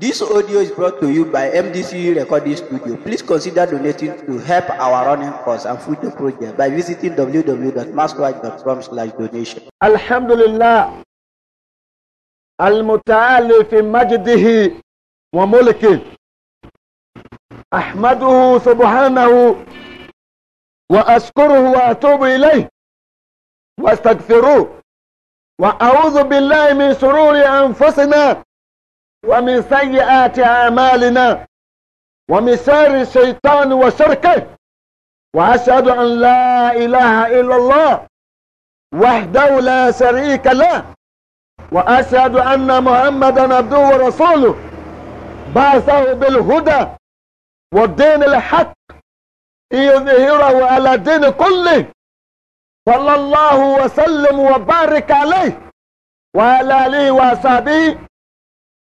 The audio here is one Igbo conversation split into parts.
This audio is brought to you by MDC Recording Studio. Please consider donating to help our running costs and food the project by visiting www.maskwatch.com slash donation. Alhamdulillah. al-muttaalif المتعالي في مجده وملكه wa سبحانه وأشكره wa إليه wa وأعوذ billahi min sururi أنفسنا ومن سيئات أعمالنا ومن شر الشيطان وشركه وأشهد أن لا إله إلا الله وحده لا شريك له وأشهد أن محمدا عبده ورسوله بعثه بالهدى والدين الحق ليظهره على الدين كله صلى الله وسلم وبارك عليه وعلى آله وأصحابه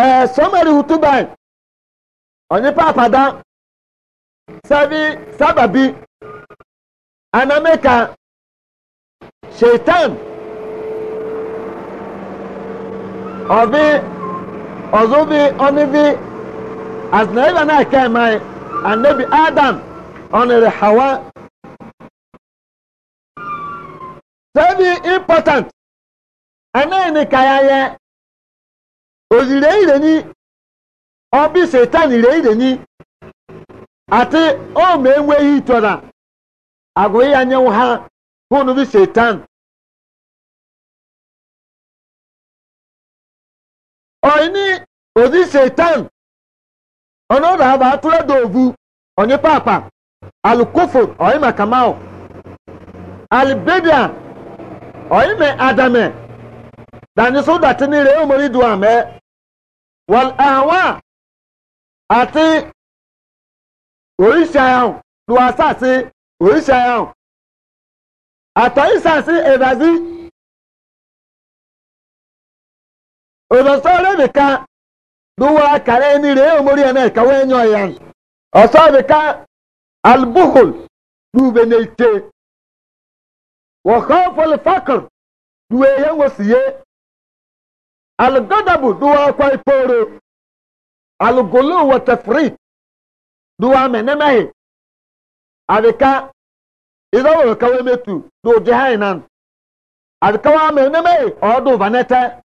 ɛɛ sɔmɛri hutuban ɔnye paapada sɛbi sábàbí anamɛka shaitan ɔbi ɔzubi ɔnibi asinɛyiba naa kɛmɛ anabi adam ɔnere hawa sɛbi important ɛnɛyini kayayɛ. òzìrè ìrè ní ọbí setan ìrè ìrè ní àti ọmọ ha fóònù bí setan. ọ̀yìn ní òzì setan ọ̀nà ọ̀dà àbá atúrẹ́ dòòbù ọ̀nyẹ́ pàápàá alukófò ọ̀yìn màkàmáwò alibedia ọ̀yìn mẹ́ adamẹ́ dàní wọ́n àwọn àti oríṣi àyàwó lu àṣàṣe oríṣi àyàwó àtọ̀yíṣàṣe ìdàzí òdòsọ́ rẹ̀mìkan lówó akàrẹ́ ẹni rẹ̀ èmórí ẹ̀ náà ìkàwé ẹ̀yàn ẹ̀yàn ọ̀sọ́ rẹ̀mìkan albuhul lùbẹ̀ ní ìtẹ̀ wọ̀kọ́ fọlifákùn lùwẹ̀ yẹn wọ̀ sí yẹn. Alugadabu duwa kwa iporo. Alugulu wa tafrit. Duwa menemehi. Adika. Iza wa kawe metu. Do jihainan. Adika wa menemehi. Odu vanete.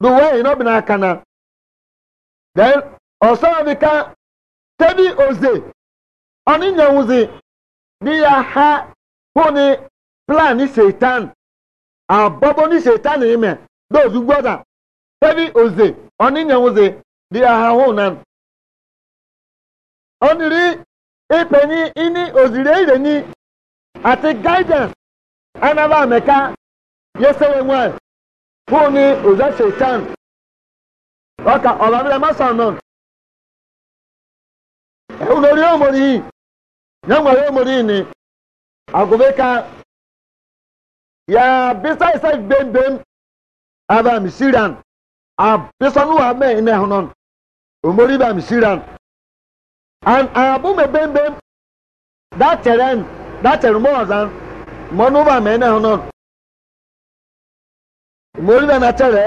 Duwe inobina akana. Then. Osa adika. Tebi oze. Oninya uzi. ya ha. Huni. Plani seitan. Abobo ni seitan ime. Those who brother. heavy oze oninya oze di ahahụ na oniri ipenyi ini ozire ireni ati guidance anaba ameka yesere nwe fún oze shaitan ọkà ọ̀làmílẹ̀ mọ́sàn náà ẹ̀hún lórí òmòrì yìí ise ni mbe yà bísà abam abesanu wa mɛ ne honon omori ba and ayabu bembem that terrain that terrain ba mɛ ne honon omori na tere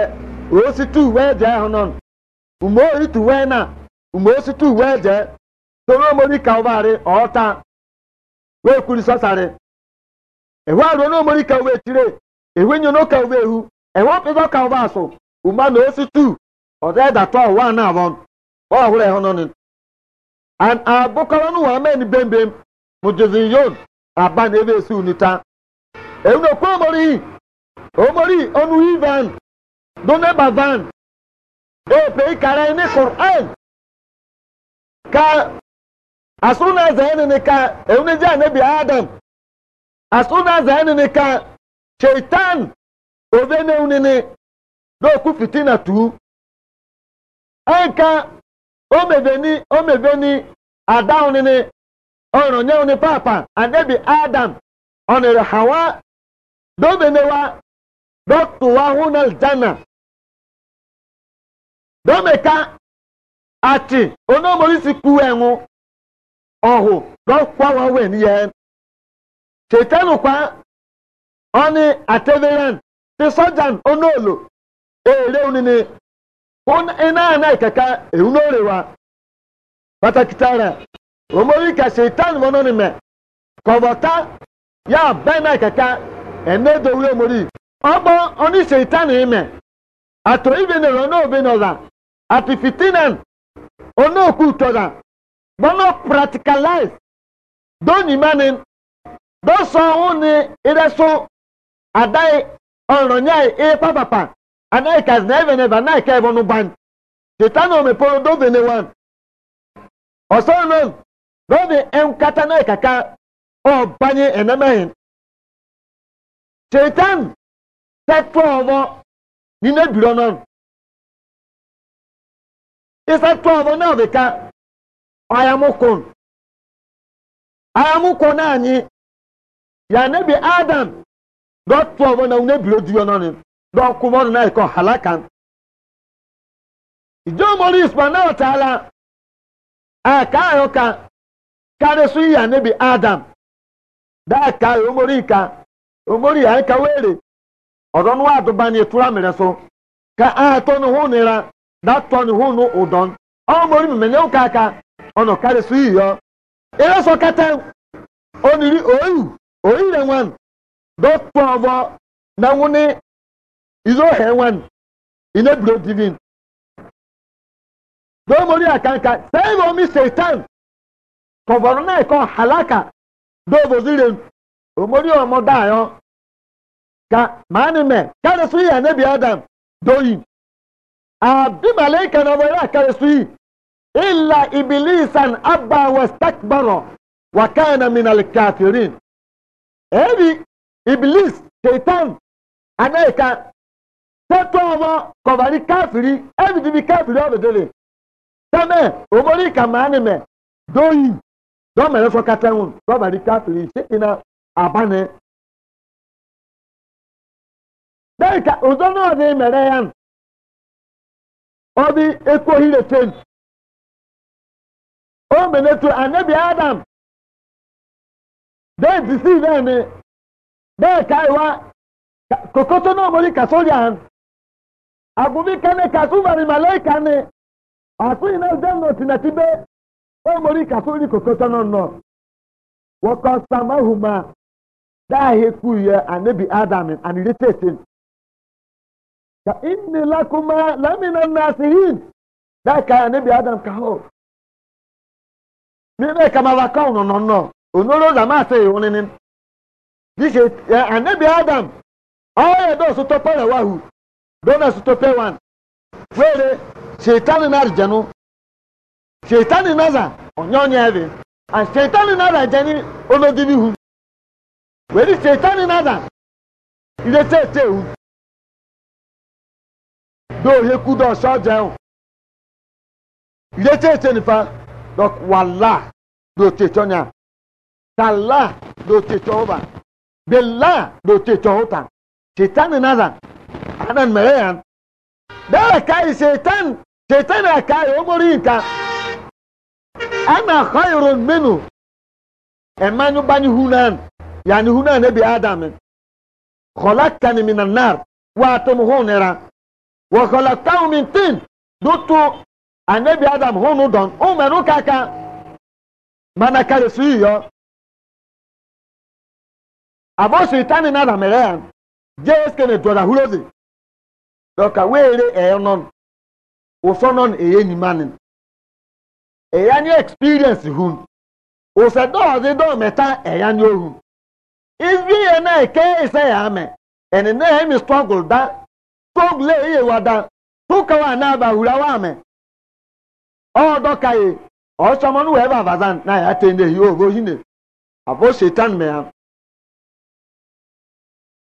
osi tu wɛ jɛ honon umori tu wɛ na umosi tu wɛ jɛ toro omori kawbari ɔta wɛ kuri sɔsari ehu aro n'omori kawbe tire ehu enyo ehu ehu apɛtɔ uma na ositu ọdẹ dàtọ ọwọ àná àwọn ọhúrẹ ẹhọ nọ ni and abokara no wà mẹni bẹnbẹn mojezi yon aba na ebe esi unita ewu na kwe omori omori onu ivan doneba van ope e ikara ni quran ka asuna zayini ni ka ewu ni jẹ anabi adam asuna zayini ni ka shaitan ovenewu dọọkụ fitina tuu eka omeveni omeveni adaunini ọrọnyeuni papa adebi adam ọnere hawa domenewa dọtụwa hunal jana domeka ati onomorisi kuwenwu ọhụ dọkwawa wen ye chetanukwa ọni ateveran ti sọjan onolo erew ni ni ina ana kaka eunorewa patakitara omori ka shaitan mono ni me kọbọta ya bẹ na kaka ene dowure omori ọgbọ oni shaitan ime ato ibe na ọrọ n'obe n'ọza ati fitinan onoku tọza gbọnọ practicalize donyimani dọsọ ọhụụ ni ireso adai ọrọ nyai ịpapapa anaikas oh, na ebe nebe anaika ebe ọnụ ban tetano meporo dove ne wan ọsọnọ dove nkata na ikaka ọ banye enemehin tetan sẹtọ ọbọ nínú ebiri ọnọ isẹtọ ọbọ náà bìka ayamukun ayamukun náà nyi yà nebi adam dọtọ ọbọ náà nebiri ojú ọnọ ni. dɔn kumɔri n'a ye kɔ hala kan ìjọmọ̀rí ìsùpànáà tààlà àkáyọ̀ká kárí súyà níbi adam ka òmórí ìka òmórí àìka wéèrè ọ̀dọ́ ní wàá dùbà ní so ka ahatọ ní nịra nira dátọ́ ní hùn ní ọ̀dọ́n ọmọrí aka yọ. Is izo hewan ina bro divin don mori akanka sai mo mi satan ko borona ko halaka do bozire o mori o mo da yo ka mani me kare su ya nabi adam doyi abi malaika na mo ya kare su yi illa iblisan abba wastakbara wa kana min alkafirin ebi iblis shaitan anaika tẹ́tọ́ ọmọ kọ̀bàrí káfìrí ẹ̀bìtì bí káfìrí ọ̀bẹ̀dẹ̀lẹ̀ tẹ́mẹ̀ òmórí kàmánìmẹ̀ dóyì dọ́mẹ̀rẹ́ fọkàtẹ́hùn kọ̀bàrí káfìrí ṣèkìnà àbánẹ. bẹ́ẹ̀ ka ọ̀dọ́ náà ní mẹ̀rẹ́ yẹn ọdí ekó hílẹ̀ tẹ́n ó mẹ̀lẹ́ tó anabi adam bẹ́ẹ̀ ti sí bẹ́ẹ̀ ni bẹ́ẹ̀ ka ìwà kòkòtò náà mórí kàsórí àná. agubi kane kasumari malaika ne asu ina na tibe o mori kasu ni kokoto no no wa qasamahuma da he kuya anabi adam and related ka inni lakuma lamina nasihin da ka anabi adam ka ho ni be kama wa ka no no no onoro la ma se yoni ni dise eh, anabi adam o e do so to pare wahu dona sutope wan were shetani na arjanu shetani naza onyonyo ebe and shetani naza jeni olodinihu were shetani naza ilete ete ehu do ohe kudo ọsọ jẹun ilete ete nifa dok wala do techo nya tala do techo ọba bela do techo ọta shetani naza anan mereyan dara kai shaitan shaitan ya kai omori ka ana khairun minu emanu bani hunan yani hunan ne bi adam khalaqtani minan nar wa tumhunira wa khalaqtahu min tin dutu anabi adam hunu don umenu kaka mana kare su yiyo abosu itani na da mere ya je eske ne dora hulozi dɔka weere ɛyɛ nɔn wosɔ nɔn ɛyɛ nyima ɛyɛ experience hun wosɛ dɔɔzi dɔɔmɛta ɛyɛ nye ohun ivi yɛ na ɛkɛ ɛsɛ yɛ amɛ ɛni na ɛmi struggle da struggle ɛyɛ e wa da tuka wa na ba wura wa amɛ ɔɔdɔka yi ɔsɔmɔ wɛ ba na yɛ ate ne ne abo setan mɛ ya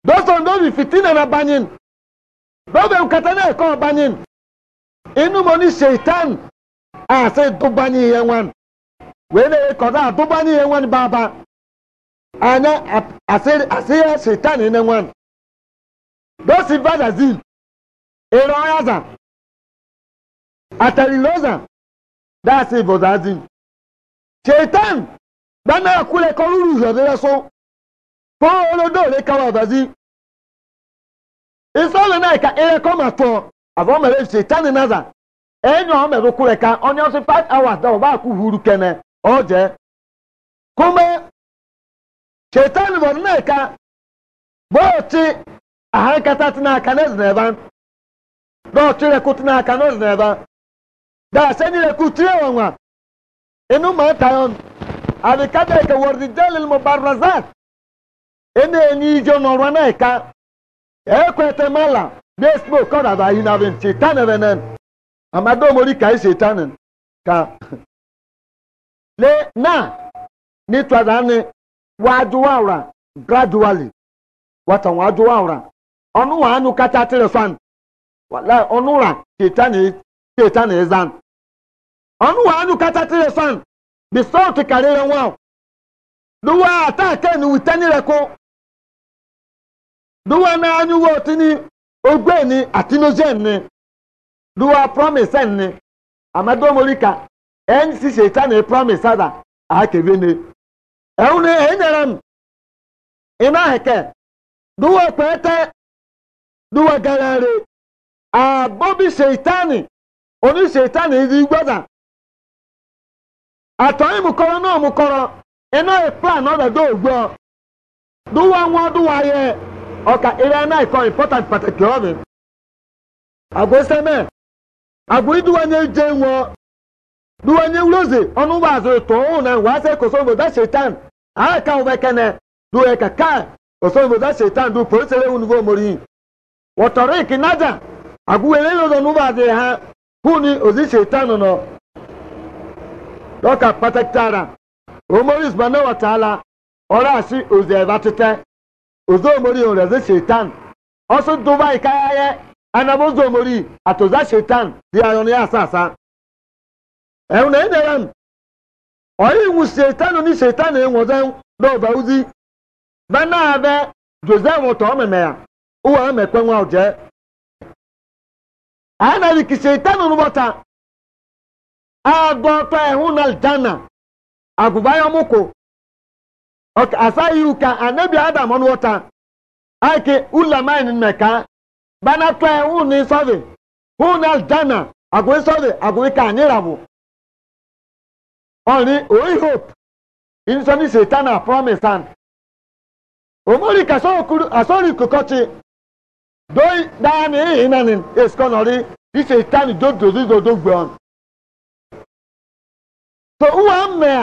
dɔsɔn dɔbi fitina na bẹ́ẹ̀ nkata náà kọ́ ọba yín inú mo ní ṣèitán àti dúbányìn yẹn wọn wẹ́n lè kọ́dá dúbányìn yẹn wọn bàbá àná àṣeyẹ ṣèitán yẹn wọn lọ́sì bàdàzìn èrò ọ̀yàzà àtàlílọ́zà dáàsì ìbọ̀dàzìn ṣèitán dáná àkúlẹ̀ kọ́ rúrù ìrọ̀lẹ́lẹ́sọ kó olódò lè káwọ́ àbàzìn. isọlụ na ka ere kọma tụọ abụọ mere setani naza enyo ọ mere kwure ka onye ọsị 5 hours da ọba akwụ huru kene oje kuma setani bụ na ka bọọchị ahankata tị n'aka n'ezi na ebe dọọchị rekụ tị n'aka n'ezi na ebe daasị enyi rekụ tiri ọnwa inu ma tayon adịkada ka wọrịdị jelil mubarazat ị na-enye ije n'ọrụ na ka ekwetemala despo koraba yunavin chitanevenen amadomori ka isetanen ka le na nitwadani wajuwaura gradually watan wajuwaura onuwa anu kacha telefon wala ọnura chetani ezan onuwa anu kacha telefon bisọọti karịrị nwa duwa ata kenu witenireko duwa na uwe tini ogbe ni atinogen ni duwa promise ni amadomorika ncc itani promise ada akebe ni ehun ni enyere m ina heke duwa pete duwa garare abobi seitani oni seitani idi gbada atọghị m kọrọ na ọmụkọrọ ịnọ ịpla e na ọdọ ogbo duwa nwa duwa ya ọka ịrị na ikọ important pàtàkì ọ̀rìn àgọ́ sẹ́mẹ̀ àgọ́ ìdúwọ́nyé jẹ́ wọn duwanye uloze ọnụ ụgbọ azụ tụọ ụhụ na ngwa ase kosovo da shetan aka ụba kene duwe ka ka kosovo da shetan du posere unugo mori wọtọrọ ike naja agụwere lọdọ n'ụgbọ azụ ha hụ ni ozi shetan nọ dọka patakitara omoris bana wataala ọrụ asị ozi ebe atịta. ozomori onraze shetan ọsụ dubai kayaye anaba ozomori atụza shetan dị ayọ na ya asa asa ẹhụn na enyere m onye iwu shetan ni shetan enwoze dọba uzi na abe jose wọtọ ọmeme ya ụwa emekwe nwa oje anaghị ki shetan nụbọta agụ ọtọ ẹhụn na jana agụba ya ọmụkụ ọka asa ihu ka anabi adam ọnụ ụta aike ulamain mmeka bana tọe hụn nsọvi hụn aljana agụ nsọvi agụ ike anyị rabụ ọrị oyi hope insọni setana promise and omori ka asọri kokọchi doi daya na ehi nanin eskonọri isetani dodozi dodo gbe ọnụ so uwe mmea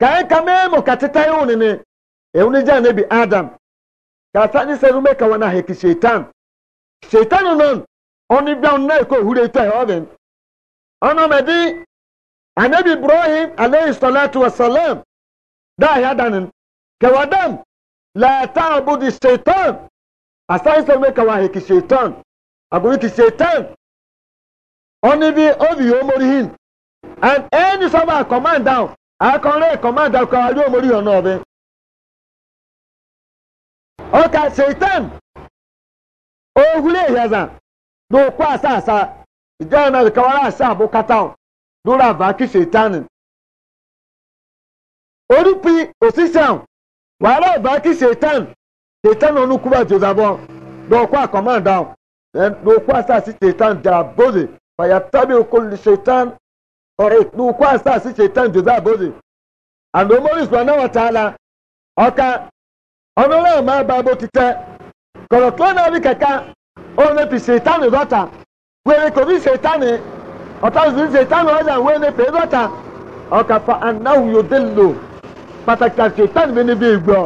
kayan kame mo ka teta yi wuni ne adam Kasa ni sɛ rume ka wana heki shaitan shaitan non Oni biaw na ko hure ta hɔbin ɔno mɛ di anabi ibrahim alayhi salatu wa salam da ya danin ka wadan la abudi shaitan Asa ni rume ka wa heki shaitan Abudi ki shaitan Oni bi obi yomorihin and any sɔba command down akọrin ẹ̀kọ́ máa dàkọ̀ àrí òmórí ọ̀nà ọ̀bẹ. ọkà seitan òhúlẹ̀ ìyàzà ló kó àṣàṣà ìjọ ọ̀nà ìkàwárà àṣà àbúkátà lórí àbákí seitan. orúpi òṣìṣẹ́ wàhálà àbákí seitan seitan onúkúbà jòzàbọ̀ ló kó àkọ́mọ́dà ló kó àṣàṣì seitan dàbọ̀lẹ̀ fàyàtàbí okòlù seitan. n'ukwu asaa si chetan jose abozi and omori sọ na ọka ọnụrụ bụ tite na keka onepi shetan dọta. were kobi shetan ọtazụ ọja wee ọka fa bi n'ebe igwe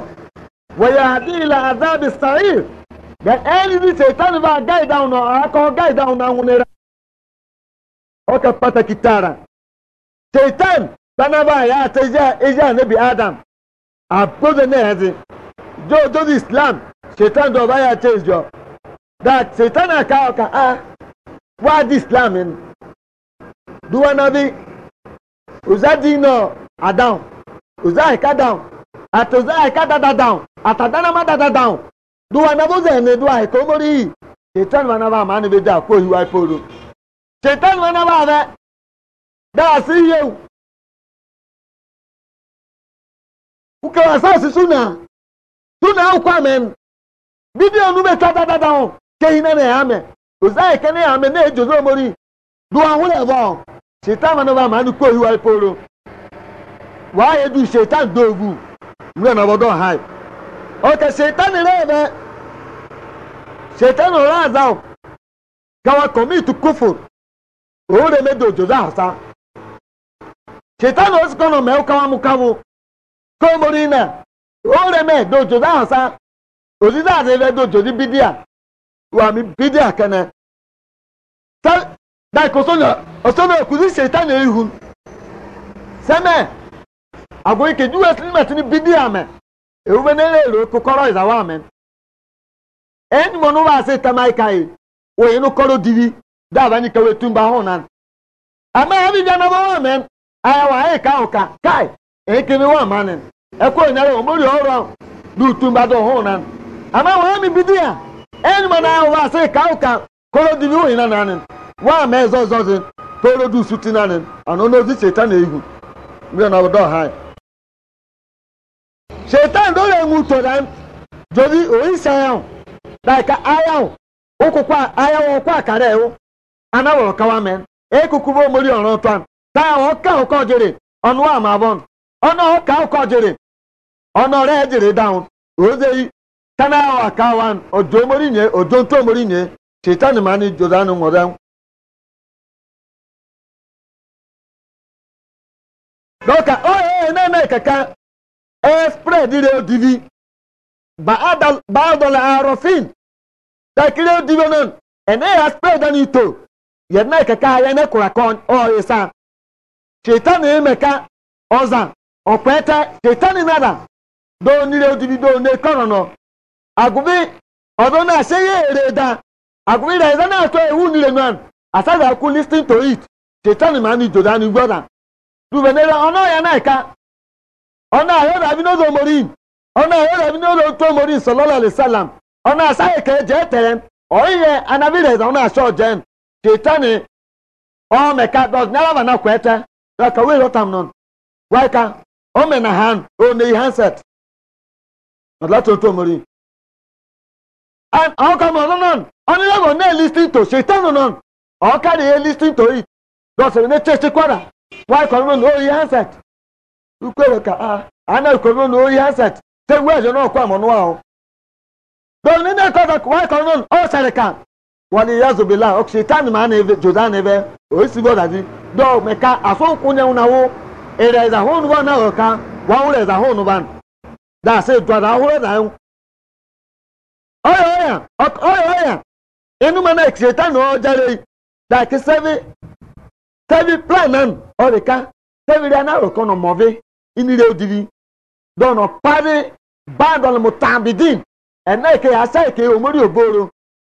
wọ́yẹ àdìlà àdáàbì sàáyì gẹ ẹni bí shetan bá seitan banaba ya ta ija anabi adam abudu ne yanzu jo dozi islam seitan do baya ce jo da seitan aka ka a wa di islam in duwa na bi uza di no adam uza ka down at uza ka dada down at adana ma dada down duwa na boze ne duwa ka omori seitan banaba ma ni be da ko hiwa iforo seitan banaba ve daa si yew ukawa asasi suna suna au kwa men bidio nume tata tata ho kehina ne ame ozai kene ame ne jozo mori do awure bo shetan ma no ba ma nu ko hiwa iporo wa ye du shetan dogu nwe na bodo hai oke shetan ne be shetan o raza o kawa commit kufur o oh, re me do jozo asa shetani osi kono me ukawa mukamu komori na ore me dojo da hasa ozi da de dojo di bidia wa mi bidia kana ta da ko so na so na ku di shetani ihu seme agbo ike ju esi ma tini bidia me ewu me e nele ro kokoro izawa me en mo no ba se tamai kai koro divi da ba ni kawe tumba honan oh, ama abi da na ba me ayawa anyị eh, ka ahụ ka kai ekiri eh, wa mmanụ ekwe eh, onyere omori ọrụ ahụ n'utu mgbado ọhụụ na ama wee mibido ya enyi m na ahụ asị ka ahụ ka koro dị n'ihi na nanị wa ma ezo ọzọzi toro dị usu ti nanị ọnụ n'ozi cheta na egwu mmiri na obodo ọha anyị cheta ndị ọrịa enwe uto na jodi oisi ahụ dịka ahụ ụkwụkwa ahụ ụkwụ akara ewu anawụrụ kawa mee ekuku bụ omori ọrụ ụtọ daa ọka ụkọ jiri ọnụ ama abụọ ọnụ ọka ụkọ jiri ọnụ ọrụ ejere daun ozeyi tana awa ka awa ojo omori nye ojo nto omori nye shetani mani jodanu nwere dọka oye e, na-eme kaka espred ire odivi baadọla arofin takiri odivi e, nan ene ya spred na ito yadda kaka ya ne kurakon oye saa shetani emeka ọza ọpeta shetani nara do nile odibi do ne nọ agụbi ọdọ na ase ya ere da agụbi da ịza na-atọ ewu nire nan asaghị akwụ ten to it shetani ma ni joda ni gwada dubenere ọnụ ya na-eka ọnụ ahụ rabi n'ụzọ morin ọnụ ahụ rabi n'ụzọ ntụ morin sọlọlọ alisalam ọnụ asaghị ka eji etere ọyịhe anabireza ọnụ asọ jen shetani ọ meka dọz nyalaba na kweta aka wei lɔtam nɔn waika ɔmɛ na han ɔne yi handset ɔdila tó tó mori and àwọn kan mọ̀ nọ́nọ́n ɔnilẹ́wọ̀n náà listing to ṣètàn nọ́nọ́n ɔkàdé yẹ listing to it lọ́sọ̀rọ̀ ní chẹ́sì kwara waika ọ̀nọ́n ɔyí handset ukú ẹ̀rọ ká ah àná ìkọ̀ ọ̀nọ́n ɔyí handset ṣé wíwájú náà kó àmọ́ níwá o lọ́nà ní ẹ̀kọ́ waika ọ̀nọ́n ọ̀ waliyazobela oksitan ma na-eve jodan ebe oisigo dazi do meka asonkunye unawo ereza honu na oka wa ureza honu ban da se dwa da hore da yo oya oya oya oya na oksitan o jare da ke plan orika sevi da na oka no move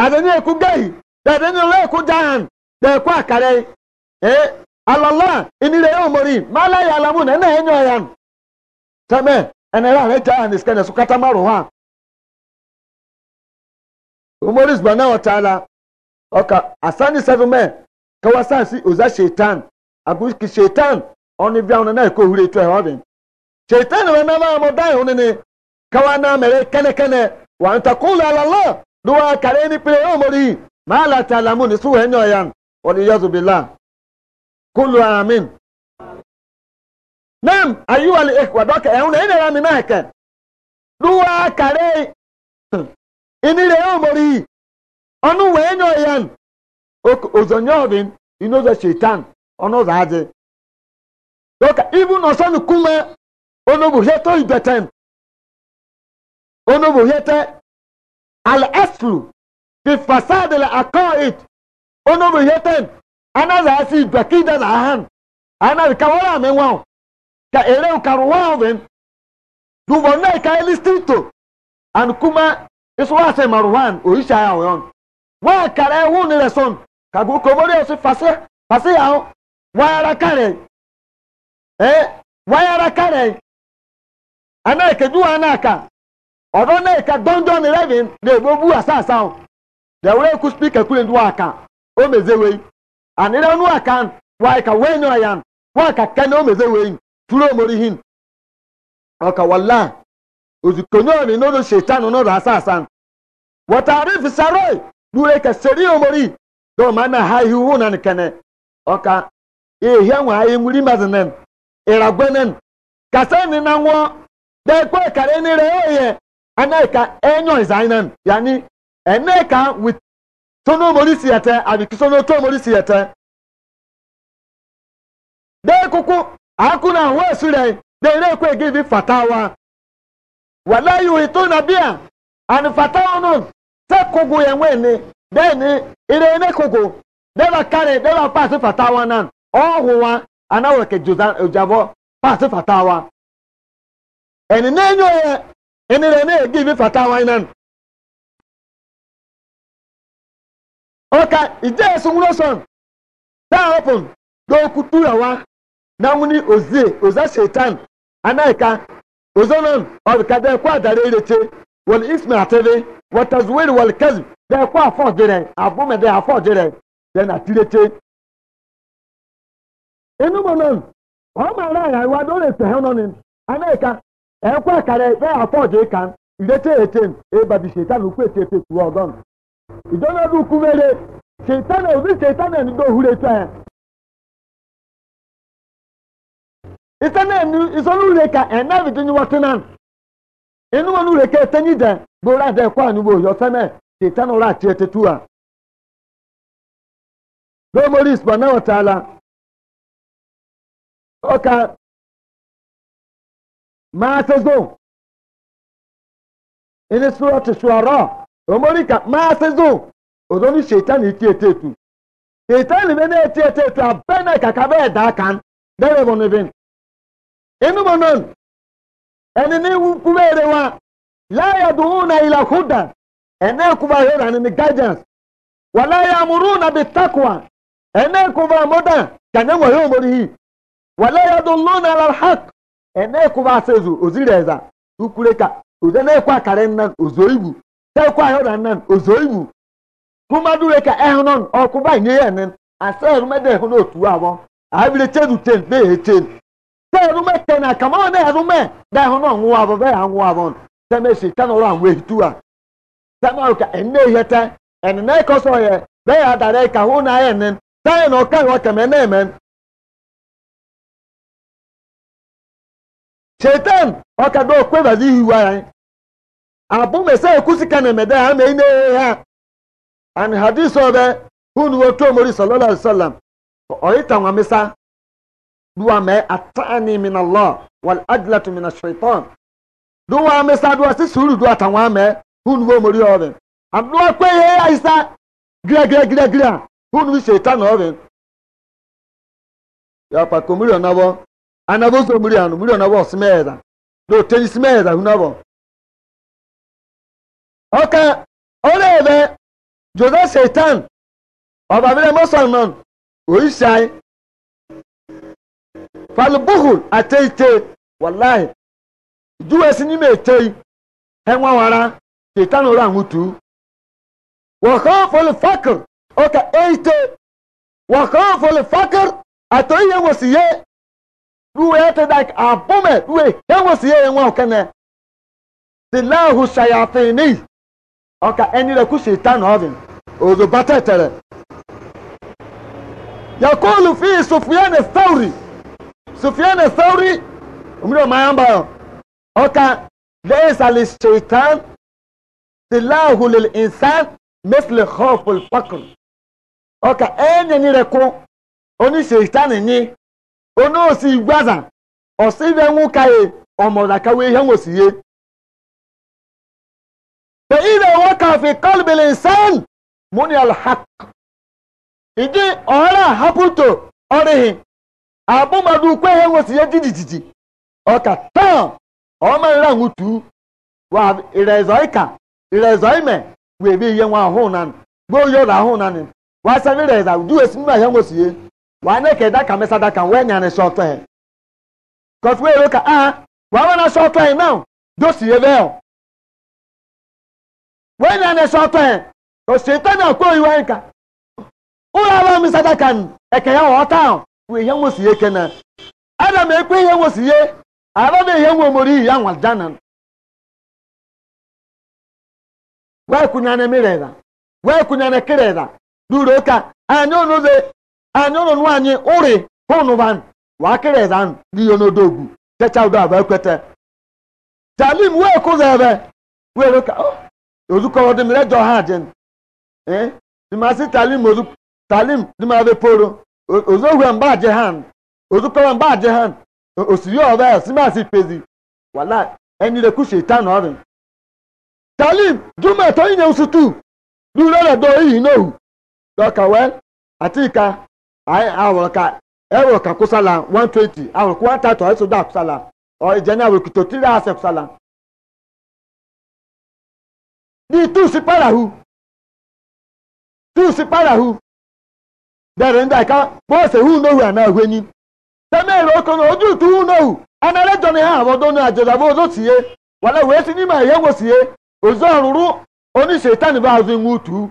adani eku gayi dadani ola eku jahan da eku akare eh alala inire yo mori mala ya alamu na na enyo ya tame enera re jahan iskene na kata maru ha umori zbana wa taala oka asani sevume kawasansi oza shetan aguski shetan oni bia ona na eku hure tu e hobin shetan wa na ma mo dai hunene kawana mere kene kene wa antakula ala allah duwa kare ni pere o mori ma la ta la mu ni su he nyo yan wa li yazu billah kullu amin nam ayu al ikhwa eh, doka ehun ene ra mi na ke duwa kare ini re o mori onu we nyo yan ozonyo bin ino za shaitan ono za aje doka even osan kuma ono bu heto ibeten ono bu heto I'll ask you, the facade that I call it, on over here then, and as I see the key that I hand, and wow, ka ere u ka wow then, du vona e ka eli and kuma, isu wa se maruwan, u isha ya weon, wa ka re son, ka gu ko vore osi fase, fase ya o, wa ya ra kare, eh, wa ya ra kare, ana ọdọ náà ka dungeon eleven na egbobu asasa o da wee ku spika kule ndị waka o mezewe anịrị ọnụ aka wa ka wee nyụọ ya waka ka na o mezewe tụrụ omori hin ọka wala ozukonye ọmị n'ụlọ shetan n'ụlọ asasa wọtari fisaroi dure ka seri omori dọma na ha ihe iwu na nkene ọka ihe nwa anyị nwiri mazinen ịragwenen kasani na nwụọ dekwe kare nire oye anayika enyo izainan yani eneka with sono mori siyete abi sono to mori siyete de kuku akuna wa sure de re kwe give fatawa wala yuhituna bia an fatawa no se kugu yenwe ni de ni ire ne kugu de ba kare de ba pass fatawa nan ohuwa anaweke juzan ojabo pass fatawa en nenyo ye enere na egive fatawa inan ọka ije esunwuroson daa open wa na nwuni ozie shetan anaika ozonon ọrịka da kwa dara irete wal ismi atebe watazuweri wal kazib da kwa afọ jere abụme da afọ jere da na tirete enumonon ọ maara ya iwa dole sehe nonin anaika ekwe akara ekpe afọdụ ịka irecha eche ịbabi shetan ukwu eche eche kwuo ọgọm ijonadu ukwumere shetan obi shetan ndị ohuru etu anya isanenu isonure ka enabi dị nyewọtụnan inu wọn nure ka etenyi dị gboro adị ekwe anugbo yọseme shetan ụra achị etetu a gomori ispanawọtala ọka máa sezon ini sura tisuara omorika máa sezon odoni seitan iti etetu seitan mene eti etetu abene kakabe edakan dere bonibin inu bonon ẹni ní kúbẹ̀rẹ̀ wa láyà dùnúnà ilà húdà ẹni kúbà hẹ́rà ni ní guidance wà láyà amúrúnà bí takwa ẹni kúbà mọ́dà kàní wọ̀nyí òmòrì yìí wà láyà dùnúnà enekụba asa ezo ozireza ukwureka ozenekwa akara nnan ozoibu tekwa ozo nnan ozoibu kumadureka ọkụba nye ya chen na ehe chen se erume chen a kama ọ na erume da ehunon nwụọ abọ bẹẹ anwụọ abọ sẹmẹ si tẹnu ọrọ àwọn ehitu a sẹmẹ ọkà ẹnẹ ihe tẹ ya kọsọ yẹ bẹẹ ka hụ na ayẹ nen sẹyìn ọkà yọ kẹmẹ ẹnẹ mẹ chetan ọkada okwebazi ihiwe anyị abụ mesa ekwusika na emede ha mee ime ha and hadis ọbẹ hunu otu omori sallallahu alaihi wasallam ọyita nwa mesa duwa mee atani min allah wal ajlatu min ashaitan duwa mesa duwa si suru duwa ta nwa mee hunu omori ọbẹ aduwa kwe ihe ya isa gira gira gira gira hunu shetan ọbẹ ya pa na ọnabọ Anavozo muri hano muri ona bose meza do tenisi meza hunabo oka olebe joda seitan ọba bẹrẹ mọsànán oyiṣai falubuhul àtẹ̀yìtẹ̀ wàláhì júwèsì ní mẹ́tẹ́ ẹ̀wọ̀n wàrà seitan ọ̀rọ̀ àwọn tù wọ̀kọ́ fọlù fákìr ọkà ẹ̀yìtẹ̀ wọ̀kọ́ fọlù fákìr àtọ̀yẹ̀wòsì yẹ ruwe te dak abome ruwe yawo si ye nwa okene silahu shayatini oka eni reku shaitan ovin ozo bata tere yakulu fi sufyan thauri sufyan thauri umiro mayamba oka laysa li shaitan silahu lil insan مثل خوف الفقر اوكا اني نيركو اني شيطان ني onye osi gwaza ọsịbe nwụka ya ọmọdakawa ihe nwosiye fa ire nwoke fi kalbili nsan muni alhaq ịdị ọrụ ahapụto ọrịghị abụmadụ ukwe ihe nwosiye jijijiji ọka taa ọmarịra nwutu wa ịrezọ ịka wee bi ihe nwa ahụ nanị gboo yọrọ ahụ nanị wa sabịrị ịrezọ udu esi mma ihe nwosiye wane ke daka mesa daka we nyane soto he cause we look ah wa wana soto he now do si evel we nyane soto he o seto na ko iwe nka ura wa mesa daka n eke ya wa town we ihe mo si eke na ada me kwe ihe mo si ye ara me ihe mo mori ya nwa jana wee kunyane mireda we kunyane kireda duro ka anyo nuze anyị ụlọ nwa anyị ụrị hụnụban wakịrịzan dị ya n'odogwu techa udo abụ ekweta. talim wee kụza ebe were ka oh, ozukọrọ dị mire jọ ha jin dịmasị talim ozu talim dịma ebe poro ozohwe mba aje han ozukọrọ mba aje han osiri ọba esimasi pezi wala enyire kwushi ita na ọrịa talim dumet onye usutu duro redo iyi n'ohu dọka wel atika anyị awụrụ ka ka kwụsala 120 awụrụ 130 eso da ọ ijene awụrụ kito tiri ase kwụsala di tusi parahu tusi dere ndị ka kpọse hu n'ohu a na-ahụ enyi temere oko na ojú tu hu n'ohu anara ha abọdọ na ajọdaba ozo sie wala wee si n'ime ihe nwosie ozo ọrụrụ onye shetan azụ nwe utu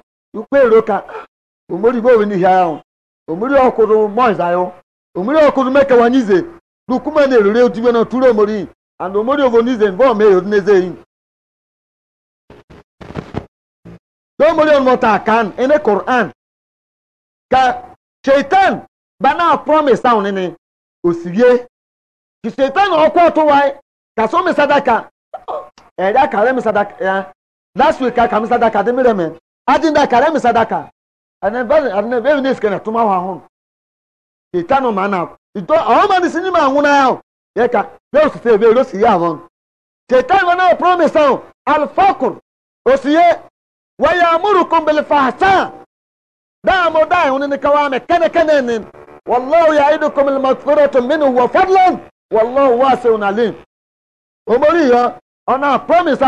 ukpero ka omori igbo owe ahụ anyanwụ omori ọkụrụ mọzayo omori ọkụrụ mekewanyize lukuma na-erure otigwe na tụrụ omori and omori ovonize bụ ọma eyo n'ezeghị tomori ọmụta kan ene koran ka shaitan bana promise ahụ nene osirie ki shaitan ọkụ ọtụwa ka so mesadaka eh, akara àkàrẹ́ sadaka ya last week ka mi dị dé mi ajin da kare mi sadaka ana bẹẹ ní sikẹni atuma wa hàn ìta nù mà náà ìtọ àwọn ọmọ nìsí ní mà ń wúna yà yẹ ká bẹẹ òsì sèé bẹẹ lọsì yà wọn. tètè ìwọ náà promise ọ alifakun òsìyẹ wọ́yẹ amúrukùn bẹ̀lẹ̀ fàṣà dáàmú dáàmú ní káwá mi kẹ́nẹ́kẹ́nẹ́ ni wàlláhu yà ayédè kọ́mi lẹ́mọ̀tòrò tó mí ni wọ́n fọ́dúnlọ́n wàlláhu wà sẹ́wọ̀n nàlẹ́. òmòrì yọ ọ̀nà promise ọ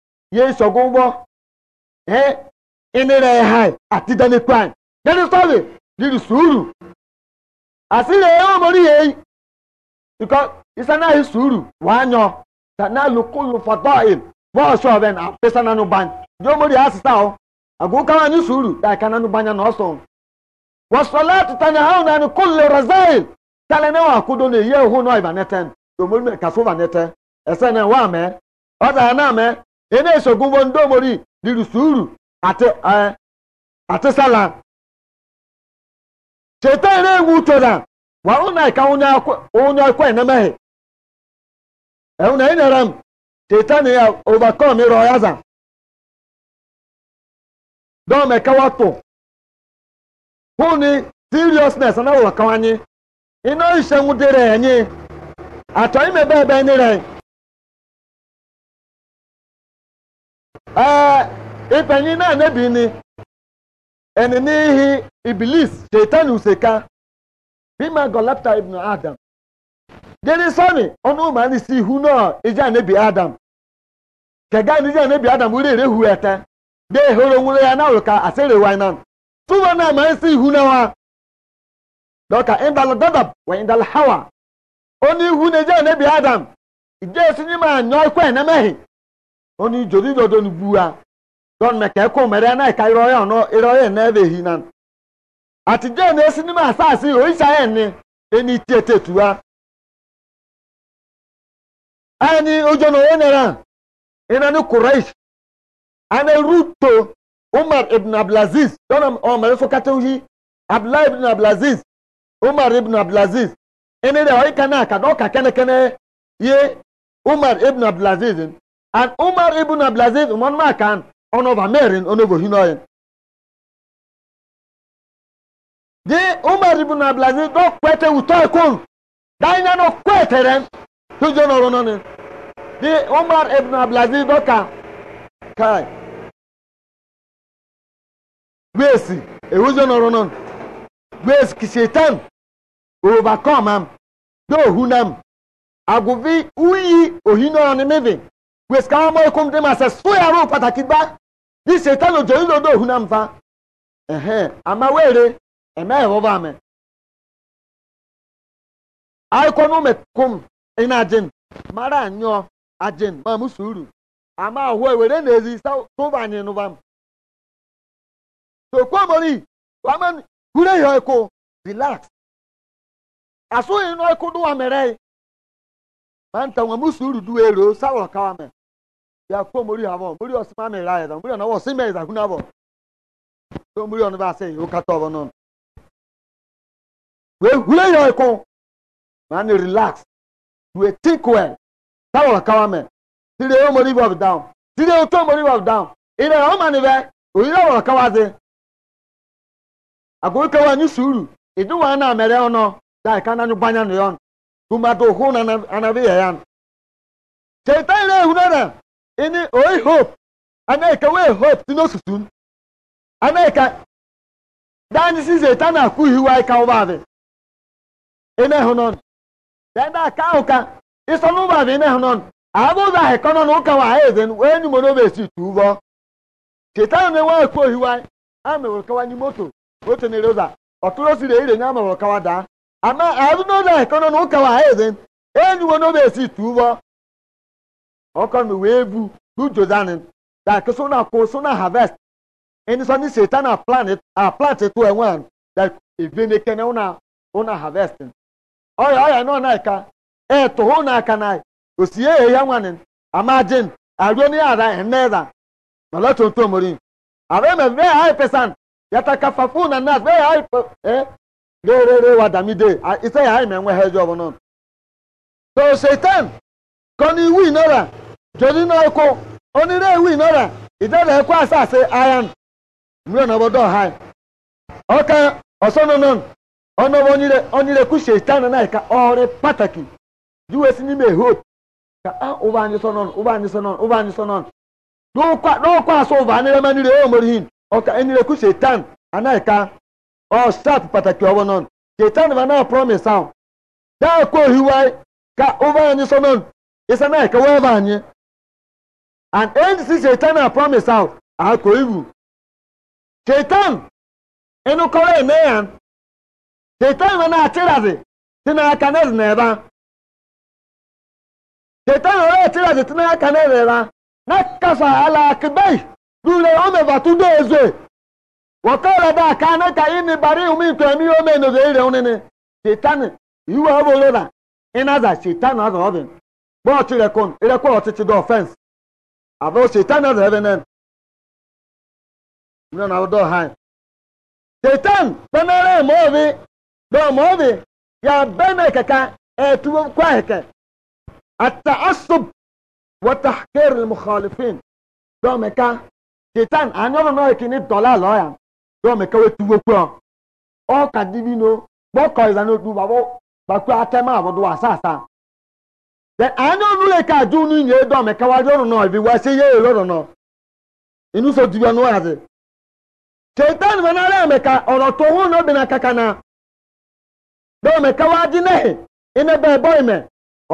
ye sogun ụgbọ eh inire e hai ati dani kwan dani sorry diri suru asịrị ya e o mori ye iko isana yi suru wa nyo sana lukulu fadail bo so ben a pesana no ban jo mori asisa o agu ka ni suru ya kana no banya no so wasalatu tanahuna an kulli razail tale ne wa kudo ne ye hu no ibaneten do mori me kaso banete ese na wa me o da na me ị na-esogo gbo ndị mori diruso uru aịsala eh, cheta en ewu cea aụna kaụnye ọkeye na-emeghị eh, a e nyere m cheta ye ya oakọm ịrọ ha aza domekewaụ hụ na tirio snes ana hịwakawanye ị nọ isenwu a cọ mebe be nre ee ipenyi na-enebini eni n'ihi ibilis shetan useka bima golapta ibn adam gịnị sọni ọnụ ụmụanị si ihu na iji anebi adam kega na iji anebi adam wuri ere hu ete de ehoro nwere ya na ka asịrị wainan tụwa na ama isi ihu na wa dọka indal gadab wa indal hawa onye ihu na iji anebi adam ije esinye ma anyọ ikwe enemeghị onu jodi dodo ni ha don me ke ko mere na ka iro ya ọnụ iro ya na ebe ehi na ati je na esi ni ma asasi o enyi en ete etu tietetua ani ojo no yenera ina ni quraish ana ruto umar ibn abdulaziz don o mere fo kate uhi abdullah ibn abdulaziz umar ibn abdulaziz ene de o ikana aka dọka ka kene kene umar ibn abdulaziz and umar ibn abdulaziz umar makan ọnọba mẹrin ọnọba ohin ọyẹ di umar ibn abdulaziz dọ kwẹtẹ uto ekun dainya nọ kwẹtẹ rẹ tójọ nọrọ di umar ibn abdulaziz dọ ka kai gbèsè ewúzọ nọrọ nọni gbèsè kìsìtàn òwòbàkọ am dọ òhun nam àgùnfin uyi ohin ọyọ wesika ama ekum dị ma sịs fụ ya ruo pataki gba dị setan ojo ilo do ohu na mfa ehe ama were eme ehobo ame aikonu mekum ina ajin mara anyọ ajin ma musu uru ama ahụ ewere na ezi tụba anyị nụba m sokwomori waman hure ya ọkụ relax asụghị n'ọkụ dụwa mere ma nta nwa musu uru duwe ero sawa kawa mere ya ko mori havo mori osima mi ra edan mori ona wo sime edan kuna bo so mori ona ba se o ka to bonon we hule yo ko man relax we think well that one come me tire o mori bob down tire o to mori bob down ire o mani be o ire o ka waze ago ka wa na mere ono da ka yon na ini oyi hope anaghịka wee hope si n'osusu m anaghịka dani si zeta na akwụ iwu anyị ka ụgbọadị ịna-ehụ n'ọnụ dende aka ahụ ka ịsọ n'ụgbọadị ịna-ehụ n'ọnụ abụ ụzọ ahụ kọnọ na ụka wahụ eze wee nyụ moro esi tu ụgbọ. cheta na enwe akụ ohiwu anyị a mewere kawanye moto otu tenere ụzọ ọtụrụ siri ire na amewere kawa daa ama azụ n'ụzọ ahụ kọnọ na ụka wahụ eze enyuwo n'obe esi tu ụgbọ. ọkọ wee bu bu jozani daki so na ko so na harvest eni so ni satan a plant a plant to enwe an that evene kene una una harvest oya oya no na ka e to ho na ka na osie ye ya nwanin amajin ario ni ara enera mala to to mori ave me very high person yatakafafu na na very high eh re re wa damide ise ya me enwe hejo bonon so satan kọni iwu inara jòdì n'ọkụ kó iwu inara ìdára ẹ̀kọ́ àṣàṣe ayan mìíràn náà bọ́dọ̀ ha ọkà ọ̀sọ́nọ́nà ọ̀nà onírèkú ṣètàn náà ẹ̀ka ọ̀rẹ́ pàtàkì júwe sí ní mèhó ka á ọba ànyí sọ́nà ọba ànyí sọ́nà ọba ànyí sọ́nà nọ àṣọ ọba ànírẹ́ máa nírè ọmọ rìn ọkà onírèkú ṣètàn náà ẹ̀ka ọ̀ṣàt pàtàkì ọ̀wọ́ náà ṣètàn ka ọba ànyí yẹsẹ náà ẹkẹ wọ́n bá yẹn and ndc shaitan na promise out akọ iwu shaitan ẹnu kọrọ ẹmẹ yẹn shaitan nọ na-atịrazi si n'aka n'ezi na-eba shaitan nọ na-atịrazi si n'aka n'ezi na-eba na-akasa ala akịbeghị dure o mebatu do ezue wakọrọ da aka n'aka ịnị bara ihu m ntọ emi ome n'oge ire onene shaitan iwe ọ bụrụ na ị na-aza shaitan ọzọ ọbịa bọ́ọ̀tì rẹ̀kùn ìrẹ́kọ̀ ọ̀títì dọ̀ fẹ́ǹsì àbọ̀ ṣètàn náà rẹ̀ nẹ́ẹ̀ nínú àwọn dọ̀ hàn. ṣètàn pẹ́mẹ́rẹ́ mọ́ọ̀bì dọ̀ mọ́ọ̀bì yà bẹ́ẹ̀mẹ̀ kẹ̀kẹ́ ẹ̀ẹ́tù kọ́ ẹ̀kẹ́ àtà asub wọ́tà kéré mùkọ́lìfín dọ̀mẹ̀ká ṣètàn àyànwó náà kì í ní dọ̀là lọ́ọ̀yà dọ̀mẹ̀ká wọ́n ti wọ́pọ̀ ọ̀ọ́kà dídínú gbọ́kọ̀ ìlànà òdu bàbá bàkú atẹ́mọ́ àbọ̀dọ̀ àṣàṣà. anya ọbụla ka ajụ n'inye inye edo amekawarị ọrụ nọ ebi wee ihe ya nọ inú dibia nụ azị chetan menara emeka ọrọ tụ obi na kaka na dọ emekawa adị nehi inebe ebe ime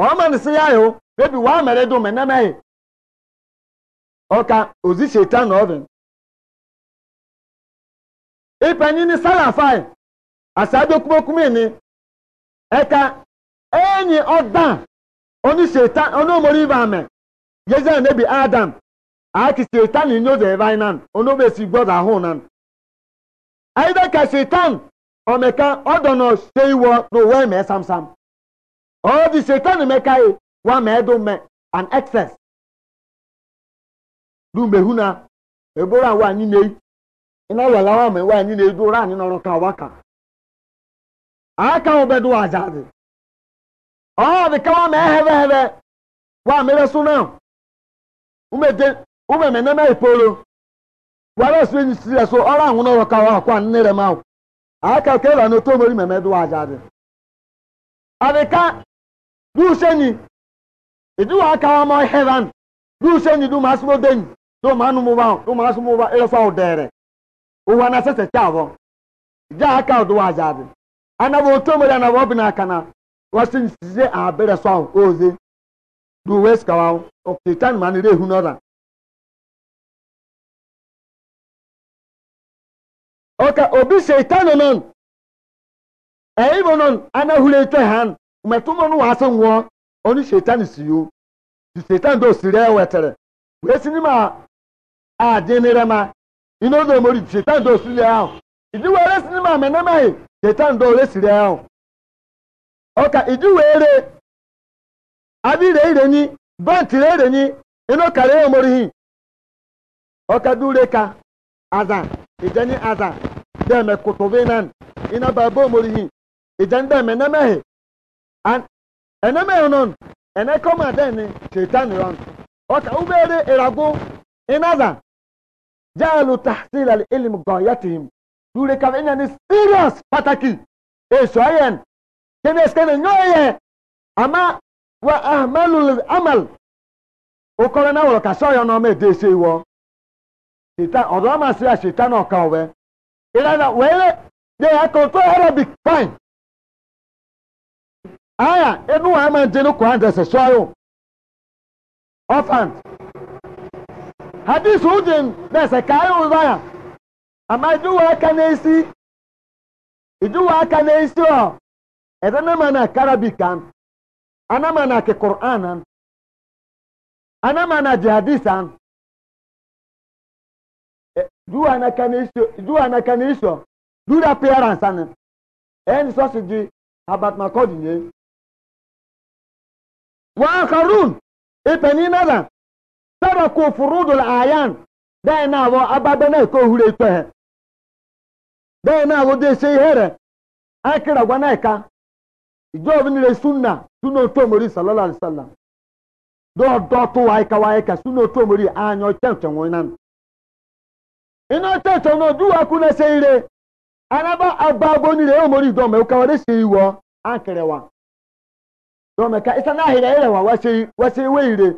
ọma nsị ya yo ebi wa mere dụ me nemeghị ọka ozi chetan ọbịa ni enyi oni seitan ono omori ba ame yeza nebi adam aki seitan inyo ze vainan ono be si gbọdọ ahụ nan aida ka seitan omeka ọdọnọ se iwọ n'ụwa eme samsam ọ dị seitan meka e wa ma edo me an excess dumbe hu na eboro a wa anyị na-eyi ina wala wa ma wa anyị na-edo ụra anyị nọrọ ka ọwa ka aka obedo ajaadị ọhụrụ dị ka ọ na-ehebe hebe wa mere so na umete umeme n'eme ipolo wara so enyi siri so ọrụ ahụ na ọka ọha kwa nnere m ahụ aka ka ịla n'otu omori meme dị waja dị adịka dusenyi ịdịwa aka ọma hevan dusenyi dum asụmụ denyi dum anụ mụba dum asụmụ mụba ịrịsọ ahụ dere ụwa na sese chaa abụọ ije aka ọdụ waja dị anabụ otu omori anabụ ọbịna aka na si wasinzize abere sọ oze du weskawa okitan manire hunora ka obi seitano non eibo non ana huleto han metumo no wasan wo oni seitan siyo di seitan do ya wetere wesini ma a dinere ma ino do mori seitan do ya ahụ idi were sinima menema seitan do resire ahụ ọka iji wee ree abịrị ire nyi bọntị ree ire nyi ịnụ kara ya omorihi ọka dure ka aza ijenyi aza deme kutubinan ina baba omorihi ijen deme nemehe an enemehe non ene koma deni shetan ron ọka ubere iragu inaza jaalu tahsil al ilm goyatihim dure ka ina ni serious pataki eso ayen kene skene nyoye ama wa ahmalu amal okore na woro kaso yo no me de se wo sita odo ma se sita no ka owe ira na wele de akoto arabic fine aya enu wa ma de no ko ande se so yo ofan hadith udin na se kai uzaya ama iduwa aka na esi iduwa aka na esi ebe na mana karabikan ana mana ke qur'anan ana mana jihadisan eh, duwa na kaniso duwa na kaniso dura parents an en so si di abat makodi ne wa akharun ipeni nada taraku furudul ayan da e na wo abadana e ko hure to he da e na wo de se here akira gwana ka ìjọ òbínire súnà súnà tó mórí sàlọ́lá àdìsálà dọ́ọ̀dọ́ tó wáyé ká wáyé ká súnà tó mórí àyàn tẹ̀tẹ̀ wọn náà. iná tẹ̀tẹ̀ náà ire alábá agbagbo abónire omori mórí ìdọ́mọ ẹ̀ka iwo ṣe ìwọ àǹkẹrẹ wa. dọ́ọ̀mẹ̀ ká ìsá ire.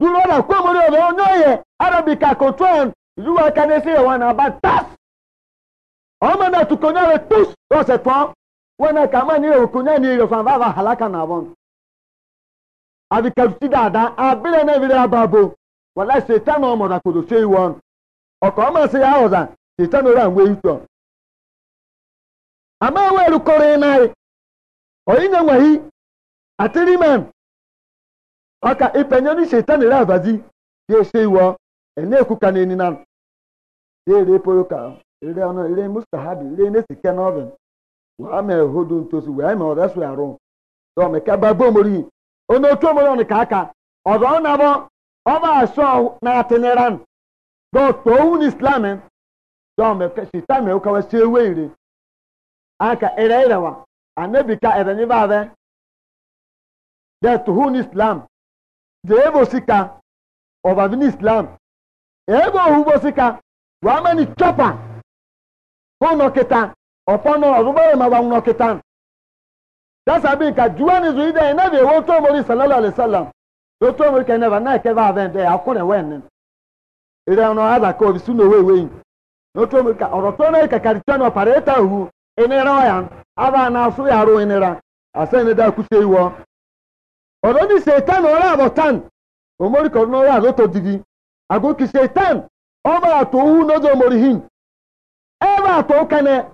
dúró dà kó omori ọ̀dọ̀ onye ọ̀yẹ̀ arábìkà kò tó ẹ̀ wana kama ni okunya ni yo fan na bon abi kafuti dada abile na vile ababo wala setan o mo da ko se won o ma se ya oza setan ora nwe ito ama we ru kore nai o ina wahi atiriman aka ipenyo ni setan ira abazi ye se wo ene ku ni nan ye ame hodo ntosi wee ma ọdọ sụrụ arụ dọmi kaba onye otu ka aka ọ na-abọ ọba asọ na atịnyeran dọtọ owu na islam dọmi sita ma ụkawa si ewe aka ere irewa anabika erenye baadhe det hu na islam je ebe osika islam ebe ohu bosika chọpa ọpọnọ ọdúnbọrẹ máa wà ń nọkìtà dasa ka juwani n'izu ide yìí e na ewo tó mori sallallahu alayhi wa sallam tó tó mori kẹ nẹfà náà kẹfà abẹ ndẹ ka ọ̀rọ̀ tó náà kàkàrí tí wọn pàrọ̀ ẹ̀ta òhu ìnira ọ̀yà àbá ọrụ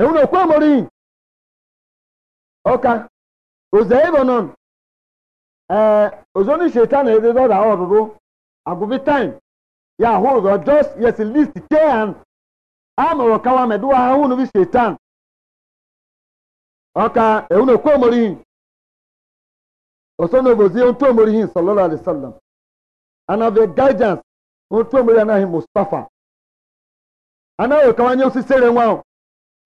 ewu na okwe mori ọka oze ibonon ee ozoni sheta na ede dọda ọrụrụ agụbi taim ya ahụ ụzọ jos yes list kean a mụrụ kawa meduwa ahụ nubi shetan ọka ewu na okwe mori osono bozi onto omori sallallahu alaihi wasallam and of the guidance onto omori anaghị mustafa anaghị kawanye osisi nwa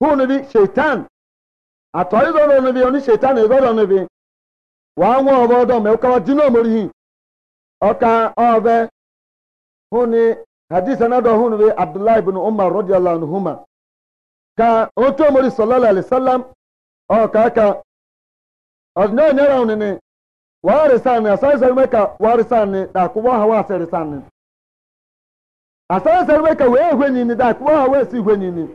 hunu bi shaitan atɔ idɔdɔ eh? ni bi ɔni shaitan idɔdɔ ni bi wàá ŋɔ ɔbɔ dɔ mɛ ɔkà hi, ọka ọbẹ huni hadith anadɔ hunu abdullahi bin umar radiyallahu anhuma ka otu omori Sọlọla alaihi salam ka ɔdini ɔnyɛ ra ɔni ni wàá risan ni asan na mɛka ha wàá sɛ risan ni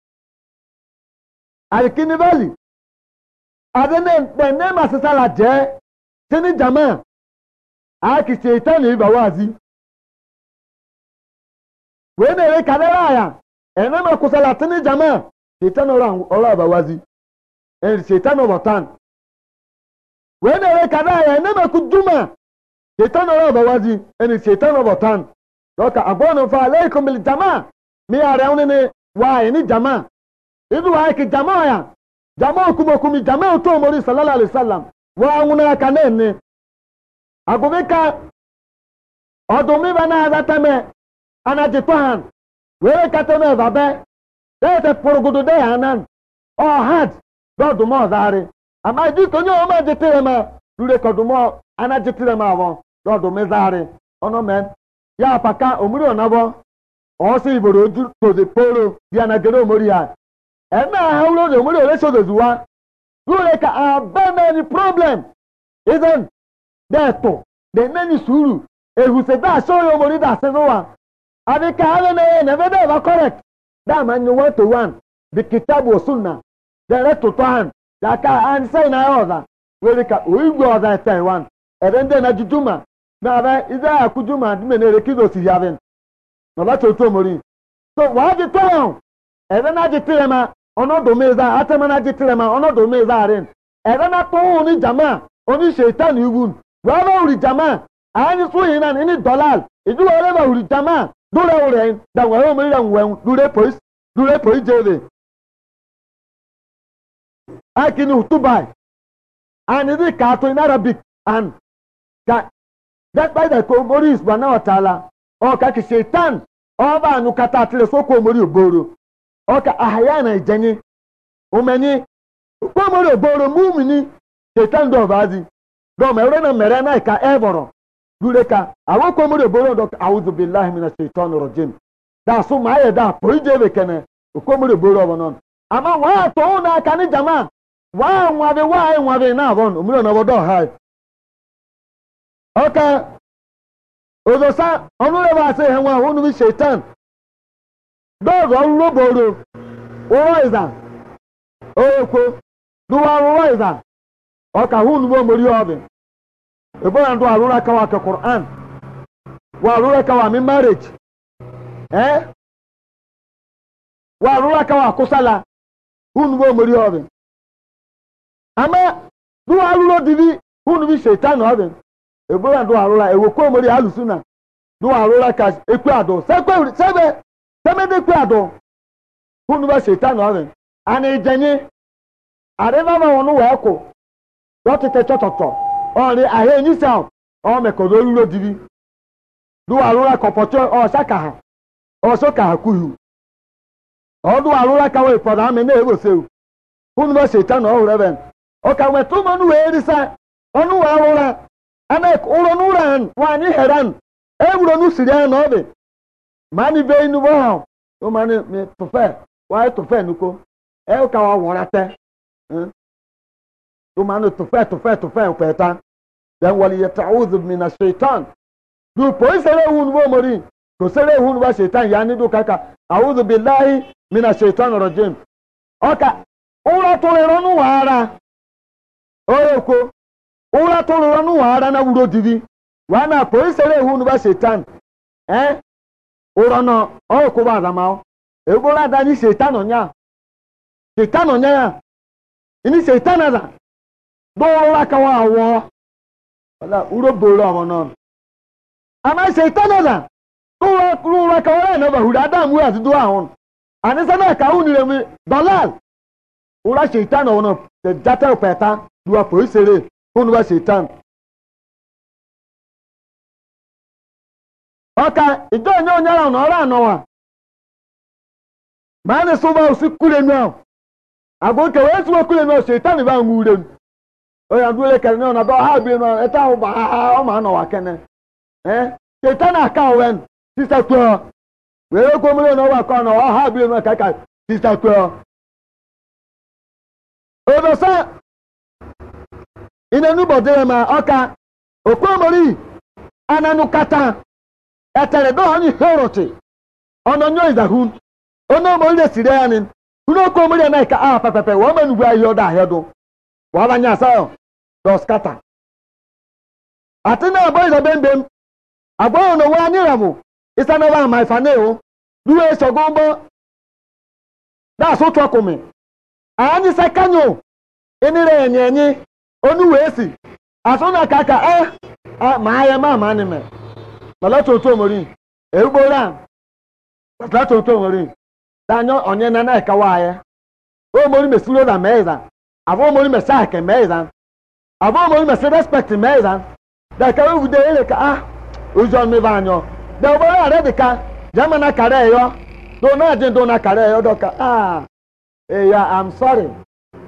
àríkíní bẹ́ẹ̀lì àdénẹ́pẹ̀ nẹ́ẹ̀mà sísára jẹ́ sínú jàmá àákìsì ìtẹ́lẹ̀ ìbàwọ́ àzí. wèé nèrè kàdẹ́rà àyà ẹ̀nẹ́mà kùsàlà sínú jàmá ìtẹ́lẹ̀ ọ̀rọ̀ àbàwọ́ àzí ẹ̀rìsì ìtẹ́lẹ̀ ọ̀bọ̀tán. wèé nèrè kàdẹ́rà àyà ẹ̀nẹ́mà kù dùmà ìtẹ́lẹ̀ ọ̀rọ̀ àbàwọ́ àzí ẹ̀rìsì ìtẹ́lẹ̀ ọ̀bọ̀tán. lọ́kà àgbọ̀nàfà aláìkùnmí jàmá mi àrẹ̀ wọn ni wà ní jàmá. idu wa ki jamaa ya jamaa okumokumi jamaa otu omori sallallahu alaihi wasallam wa anwụna aka na eme agụmika ọdụmiba na-azatame anajitohan were katame vabe dete pụrụgudu de hanan ọhad dọdụm ọzarị ama dịka onye ọma jitere ma rure kọdụm anajitere ma abọ dọdụmị ịzarị ọnụmen ya apaka omiri ọnabọ ọsọ iboro ojú tòzì poro bịa na gere omori ya ɛna ahawuro de omori ole sozozu wa lóore ka abẹ́mẹ́ ni problem isn't dẹ́ẹ̀tọ̀ de mẹ́ni sùúrù ehùsè dá aṣọ́rẹ́ omori dá sẹ́nu wa àbíkà alẹ́nẹ́yẹ nẹ́fẹ́ bẹ́ẹ̀ bá correct dáàmà ni one to one bí kìtàbù dẹ̀rẹ́ hàn ọ̀dà ka òyìnbó ọ̀dà ẹ̀tẹ̀ wa ẹ̀rẹ́ ń dẹ́nà jujuma náà bẹ́ ìdá àkújuma dìmẹ̀nà èrè kí ló sì yá bẹ́ẹ̀ so wàá di tọ́yọ̀ ẹ̀rẹ́ náà di ọ̀nọ́dọ̀ mẹ́za atẹ́mẹ́nájì tìrẹ̀mà ọ̀nọ́dọ̀ mẹ́za rẹ̀ ẹ̀rọ náà tó onye ní jama oníṣètàn ìwù wẹ́ẹ́rọ jama àyẹ̀ni sóyìn náà ní dọ́là ìdúró ẹ̀rọ òrì jama dúró rẹ̀ dàwọn ẹ̀rọ mi rẹ̀ wẹ̀hún dúró pòí jèrè. ị, dubai arabic ka despite omori ọtala ọba omori ọka ahaya na ijenye umenyi ukwomori oboro mumini tetando vazi dọma ere na mere na ka rureka dure ka awo kwomori oboro dọka awuzu billahi mina shaitan rojim da su ma aye da po ije bekene ukwomori oboro ọbọ ama wa atọ na ni jama wa nwabe wa nwabe na abon omiro na obodo ha ọka ozosa ọnụ rebe asị ihe nwa ahụ nụ shaitan dọọzụ ọlụboro ụrọịza oekwo duwa ụrọịza ọka hun mo mori ọbị ebona ndo alura kawa ka qur'an wa alura kawa mi marriage eh wa alura kawa kusala hun mo mori ọbị ama duwa alura divi hun bi shaitan ọbị ebona ndo alura ewekwo mori alusuna duwa alura ka ekwe ado sekwe sebe tẹ́mẹ́tẹ́ pé àtọ̀ fún bá ṣe tánù ọ̀rìn àní ìjẹ̀yìn àríwáwá wọn ní wọ́n kò wọ́n ti tẹ̀ tọ̀tọ̀tọ̀ ọ̀rìn àhẹ́ ẹ̀yìn sàn ọmọ mẹ́kọ̀ọ́ lórí ló dirí lúwa àrúra kọ̀pọ̀tọ́ ọ̀ṣàkàhà ọ̀ṣọ́kàhà kùyù mani bɛ inu bɔ hàn o mani mi tufɛ wa nuko ɛ ka wa wɔra tɛ o mani tufɛ tufɛ tufɛ pɛta yan wali yɛ ta o mina seetan du poyi sɛlɛ hun bɔ mori ko sɛlɛ bɔ yanni du kaka awudu bilahi mina rɔ jem ɔka o yɛ ko na wuro wa na poyi sɛlɛ bɔ ụrọnọ ọkụba adamahụ egboro ada ni setan ọnya setan ọnya ya ini setan ada dọwọrọ akawa awọ ọla uro boro ọmọ nọ ama setan ada dọwọrọ dọwọrọ akawa ya nọba huru adam wura dudu ahụ ani na ka ahụ nire mi dalal ụra setan ọwọ nọ data pẹta duwa pọ isere fún wa setan. ọka ije onye onye ahụ n'ọrụ ọrụ anọwa ma a na-esi ụba osi kulenu ahụ agwa nke wee siwe kulenu ahụ sheta na ibe ahụ urenu onye agụ ole kere na ọnọdụ ọha bi na eta ahụ ba ha ọ ma anọwa kene ee sheta na aka owen sista tuo were okwu mmiri na ọwa ka na ọha bi na ka ka sista tuo odosa ị na-enubọdere ma ọka okwomori ananụkata. etere dọọ anyị herọtị ọnọnyọ ịzahun onye omori esiri ya ni hunu oku omori anaghị ka aha pepepe wee menugbu ahịa ọdụ ahịa dụ wee abanye asayọ dọs ati na abụọ ịzabe mbem m na onwe anyị ramụ isanaba ama esogo anyị esi na kaka eh, ah, ma ahịa ma ama anyị mere malata otu omori erugboro a malata otu omori danyọ onye na na ekawa ya omori mesiro na meza abụ omori mesa ake meza abụ omori mesa respect meza da ka we wude ele ka ah ozo mi ba anyọ da ogboro a redi ka jama na kare yo do na je do na kare yo ya ah, i'm sorry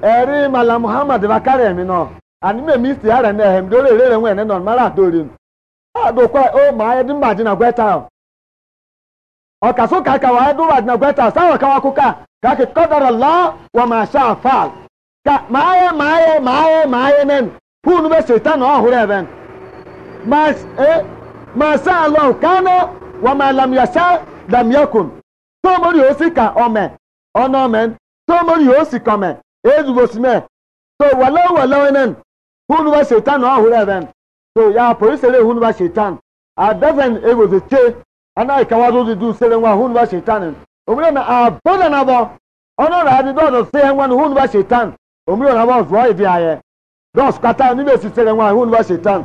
eri mala muhammad bakare eminọ no ani me mi ara na ehem do re re nwe ne mara do re agụkwa ụmụ oh anyị dị mba dị na gweta ọkasụ ka aka wee dị mba dị na gweta saa kawa akụkọ a ka aka kọdara laa wa ma sha fal ka ma ahịa ma ahịa ma ahịa ma ahịa nen punu be sita na ọhụrụ ebe ma eh, sa alọ anọ wa ma lam ya sha lam ya kun tomori osi ka ome ọnụ ome tomori osi ka ome ezugbo si me so walawo walawo nen punu be sita na ọhụrụ ebe so ya polisere hunu ba shetan a defen ebo ze che ana ikawa zo di du sere nwa hunu ba shetan omiro na aboda na bo ono ra di do do se nwa no hunu ba shetan omiro na bo zo ibi aye do skata ni be si sere nwa hunu azim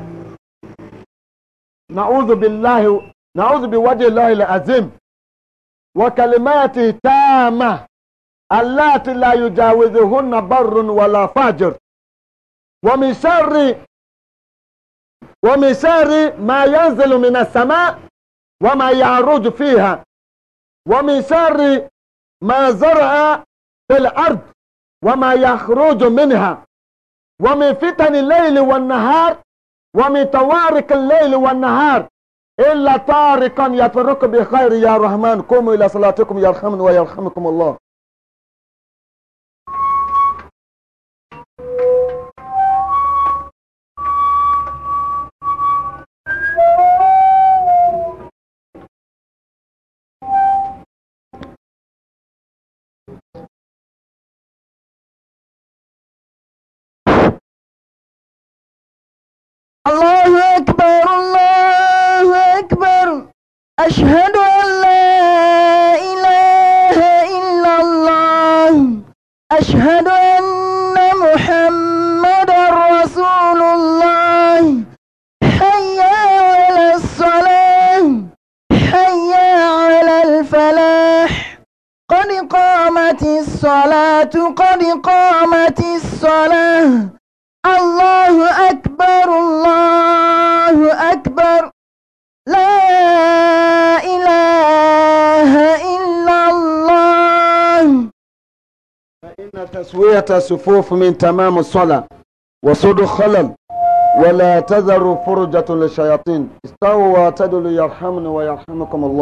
wa ومن شر ما ينزل من السماء وما يعرج فيها ومن شر ما زرع في الأرض وما يخرج منها ومن فتن الليل والنهار ومن توارق الليل والنهار إلا طارقا يترك بخير يا رحمن قوموا إلى صلاتكم يرحمن ويرحمكم الله أشهد أن محمد رسول الله حي على الصلاة حي على الفلاح قد قامت الصلاة قد قامت الصلاة الله أكبر الله تسوية الصفوف من تمام الصلاة وصد خلل ولا تذر فرجة للشياطين استووا واعتدلوا يرحمني ويرحمكم الله